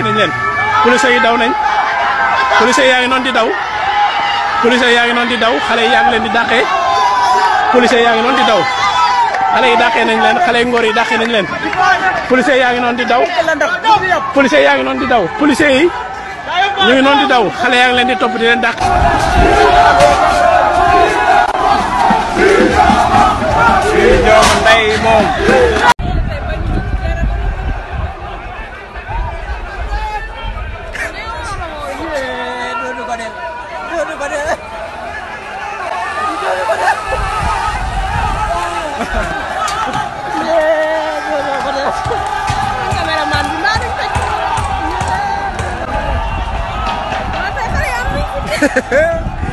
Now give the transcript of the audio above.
arrêté nañ leen police yi daw nañ police yi ngi di daw police yaa ngi noonu di daw xale yi yaa ngi leen di dàqee police yaa ngi noonu di daw xale yi dàqee nañ leen xale yi ngóor yi dàqee nañ leen police yaa ngi noonu di daw police yaa ngi noonu di daw police yi ñu ngi noonu di daw xale yaa ngi leen di topp di leen dàq ñoom Badel door na Badel door na Badel yee door na Badel cameraman bi maa dañ toj yee maa tey xale yaa